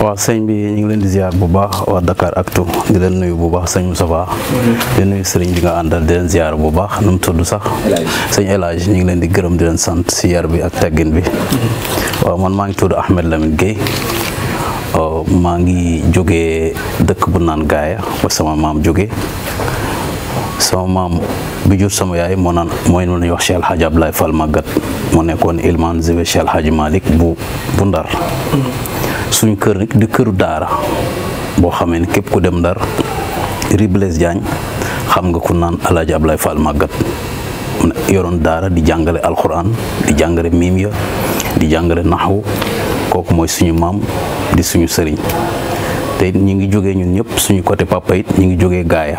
waaw sëñ bi ñu ngi leen di ziar bu baax waa Dakar Actu di leen nuyu bu baax sëñ Moussa Ba nuyu sëriñ bi nga àndal di leen ziar bu baax nu mu tudd sax sëñ El ñu ngi leen di gërëm di leen sant si yar bi ak teggin bi waaw man maa ngi tudd Ahmed Lamine Gueye maa ngi jógee dëkk bu naan gaaya ba sama maam jógee sama maam bi jur sama yaay moo naan mooy lu ñuy wax Cheikh Alhaji Abdoulaye fal Magat moo nekkoon ilman ziwe Cheikh Alhaji Malick bu bu Ndar suñ kër di këru daara boo xamee ne képp ku dem ndar Ribles Diagne xam nga ku naan Alaaji Ablaye Fall màggat yoroon daara di jàngale alxuraan di jàngale miim ya di jàngale naxwu kooku mooy suñu maam di suñu sëriñ te it ñu ngi jógee ñun ñëpp suñu côté papa it ñu ngi jógee gaaya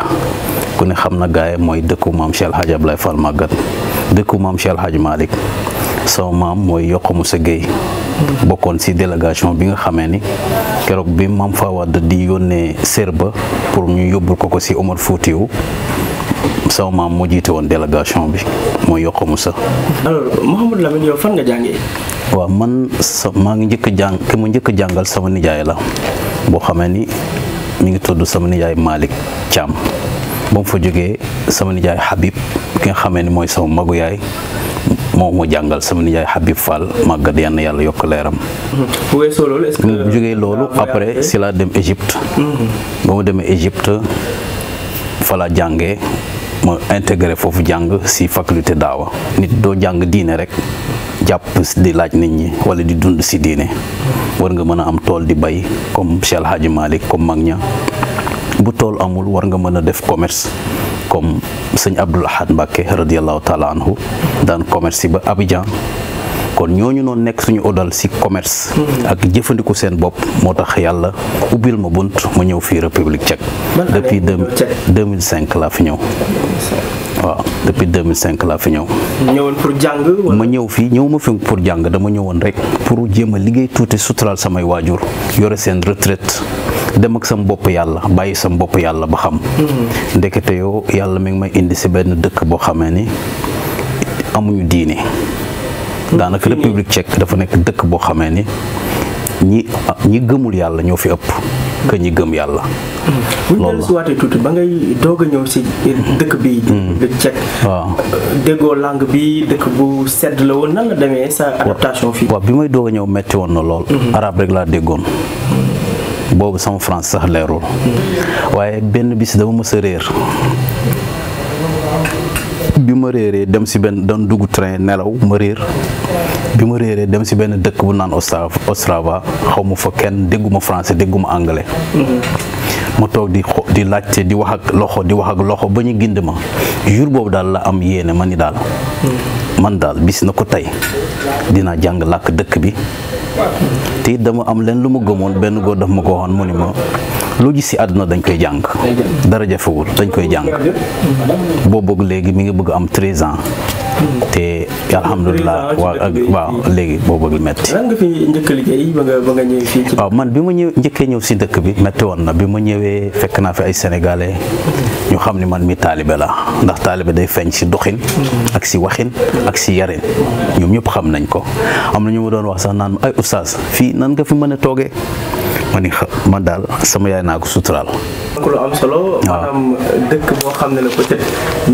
ku ne xam na gaaya mooy dëkku maam Cheikh Alhaji Ablaye màggat dëkku maam Cheikh Alhaji Malick sama maam mooy yokkamu sa géey bokkoon si délégation bi nga xamee ni keroog bi Mame Fawade di yónnee sér ba pour ñu yóbbul ko ko si Omar Foutiou sama maam moo jiite woon délégation bi moo yokk mu sax Mouhamadou waaw man sa maa ngi njëkk jàng ki ma njëkk jàngal sama nijaay la boo xamee ni mu ngi todd sama nijaay Malick Thiam ba mu fa jógee sama nijaay Habib ki nga xamee ni mooy sama maguyaay moom mo jangal sama nijaay Habib Fall magad yan yalla yok leeram. bu weesoo loolu est-ce que. mu lolou après si dem Égypte. ba hmm. mu demee Égypte fala jangé mo intégrer fofu jang si faculté dawa nit do jang diiné rek japp di laaj nit ñi wala di dund si diiné war nga mëna am tol di bay comme Cheikh Hadji malik comme mag bu tol amul war nga mëna def commerce kom sëñ abdul Ahad mbake radiyallahu taala anhu dan commerce ba Abidjan kon ñooñu non nek suñu odal ci commerce ak jëfëndiku seen bop motax yalla ubil ma bunt ma ñëw fi republique tchèque depuis 2005 la fi ñëw wa depuis 2005 la fi ñëw ñëwoon pour jang ma ñëw fi ñëw ma fi pour jang dama ñëwoon rek pour jema a liggéey tuuti suturaal samay wajur yoré sen retraite dem ak sam bopp yàlla bàyyi sam bopp yàlla ba xam hmm. ndekete yow yàlla mi ngi may indi si benn dëkk boo xamee ni amuñu diine hmm. daanaka république dafa nekk dëkk boo xamee ni ñi gëmul yàlla ñoo fi ëpp que gëm yàlla hmm. bu ñu dellu waatee tuuti ba ngay doog a ñëw si dëkk bi bi dëkk bu sedd la woon nan la demee sa adaptation fii waaw bi may doog ñëw metti woon na lool arab rek laa déggoon boobu sama France sax leerul waaye benn bis dama mës réer bi ma réeree dem si benn doon dugg train nelaw ma réer bi ma réeree dem si benn dëkk bu naan Ostrava xaw ma fa kenn dégguma français dégguma anglais ma toog di di laajte di wax ak loxo di wax ak loxo ba ñu gind ma jour boobu daal la am yéene ma ni daal man daal bis na ko tey dinaa jàng làkk dëkk bi te dama am leen lu ma gëmoon benn góor daf ma ko waxoon mu ni ma lu gis si àdduna dañ koy jàng dara jafewul dañ koy jàng boo bëgg léegi mi ngi bëgg am 13 ans te alhamdulilah waaw léegi boobu ak metti waaw man bi ma ñëw njëkkee ñëw si dëkk bi metti woon na bi ma ñëwee fekk naa fi ay sénégalais ñu xam ni man mi taalibe la ndax taalibe day feeñ si doxin ak si waxin ak si yarin ñoom ñëpp xam nañ ko am na ñu ma doon wax sax naan ay oustaz fii nan nga fi mën a toogee ma ni man daal sama yaay naa ko suturaal. ku lu am solo. maanaam dëkk boo xam ne la peut-être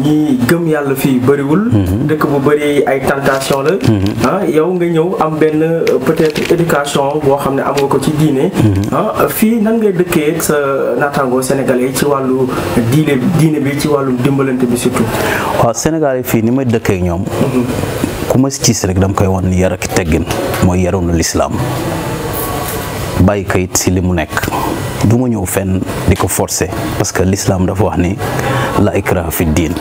gëm yàlla fii bëriwul. Mhm. dëkk bu bëri ay tentation la. Mhm. ah yow nga ñëw am benn euh, peut-être boo xam ne amoo ko ci diine. Mhm. Ah, fii nan ngay dëkkee sa naataangoo sénégalais ci wàllu diine diine bi ci wàllu dimbalante bi surtout. waaw sénégalais fii ni may dëkkee ñoom. ku ma ciis rek dama koy wan yar ak teggin mooy yarunu lislaam bàyyi kayit si li mu nekk du ma ñëw fenn di ko forcer parce que l'islam dafa wax ni la ikraha fi diin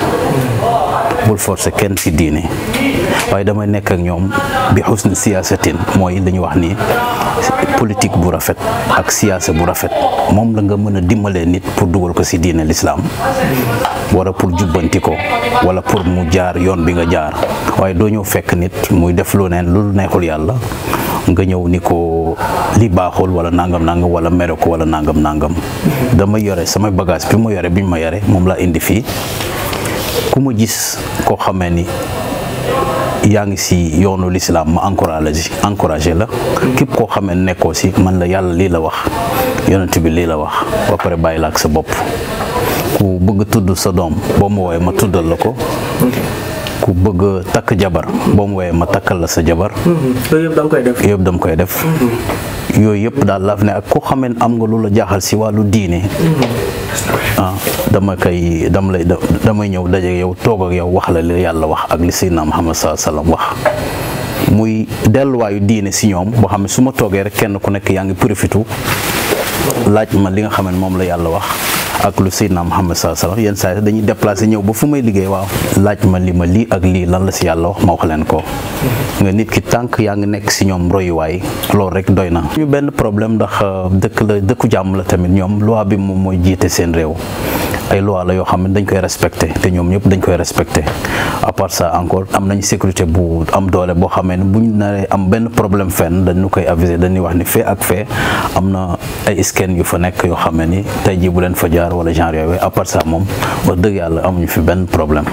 bul forcer kenn si diine waaye damay nekk ak ñoom bi xusni siyaasatin mooy li wax ni politique bu rafet ak siyaasa bu rafet moom la nga mën a dimmalee nit pour dugal ko si diine lislaam wala pour jubbanti ko wala pour mu jaar yoon bi nga jaar waaye doo ñëw fekk nit muy def lu neen lu neexul yàlla nga ñëw ni ko li baaxul wala nangam nangam wala mere ko wala nangam nangam. dama yore samay bagage bi ma yore bi ñu ma yore moom laa indi fii ku ma gis koo xamee ni yaa ngi si yoonu lislaam ma encouragé encouragé la képp koo xamee nekkoo si man la yàlla lii la wax yonent bi lii la wax ba pare bàyyi la ak sa bopp ku bëgg tudd sa doom boo ma woowee ma tuddal la ko. ku bëgg takk jabar boo mu woowee ma takkal la sa jabar. yooyu mm-hmm. yëpp dama koy def yëpp dama koy def. Mm-hmm. yooyu yëpp daal laaf ne ak ku xamee am nga lu la jaaxal si wàllu diine. Mm-hmm. ah dama koy dama lay damay ñëw daje yow toog ak yow wax la li yàlla wax ak li Seydina Muhammad sallallahu alayhi wasallam wax. muy delluwaayu diine si ñoom boo xam ne su ma toogee rek kenn ku nekk yaa ngi profité laaj ma li nga xam ne moom la yàlla wax. ak lu Seydina Muhammad saa salaam yenn saa dañuy déplacé ñëw ba fu may liggéey waaw laaj ma li ma lii ak lii lan la si yàlla wax ma wax leen ko nga nit ki tànk yaa ngi nekk si ñoom royuwaay loolu rek doy na ñu benn problème ndax euh, dëkk la dëkku jàmm la tamit ñoom loi bi moom mooy jiite seen réew ay loi la yoo xam ne dañ koy respecté te ñoom ñëpp dañ koy respecté à part encore am nañu sécurité bu am doole boo xamee ne bu ñu naree am benn problème fenn dañu koy aviser dañuy wax ni fee ak am na ay yu fa nekk yoo xamee Dakar wala genre yooyu à part ça moom wax dëgg yàlla amuñu fi benn problème.